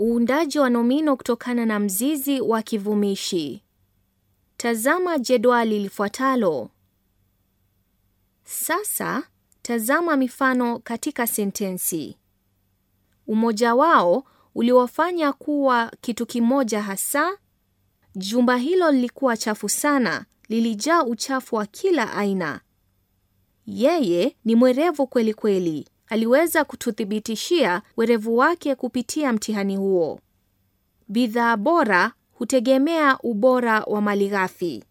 Uundaji wa nomino kutokana na mzizi wa kivumishi. Tazama jedwali lifuatalo. Sasa tazama mifano katika sentensi. Umoja wao uliwafanya kuwa kitu kimoja hasa. Jumba hilo lilikuwa chafu sana, lilijaa uchafu wa kila aina. Yeye ni mwerevu kweli kweli aliweza kututhibitishia werevu wake kupitia mtihani huo. Bidhaa bora hutegemea ubora wa malighafi.